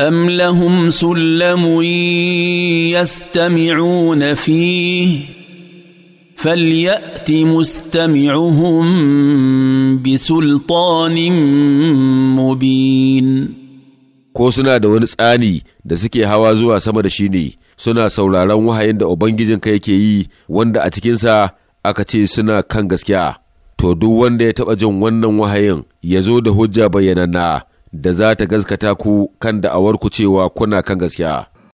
أم لهم سلم يستمعون فيه فليأت مستمعهم بسلطان مبين ko suna da wani tsani da suke hawa zuwa sama da shi ne suna sauraron wahayin da ubangijin Ubangijinka yake yi wanda a cikinsa aka ce suna kan gaskiya to duk wanda ya taɓa jin wannan wahayin ya zo da hujja bayyana na. da za ta gaskata ku kan da'awarku cewa kuna kan gaskiya.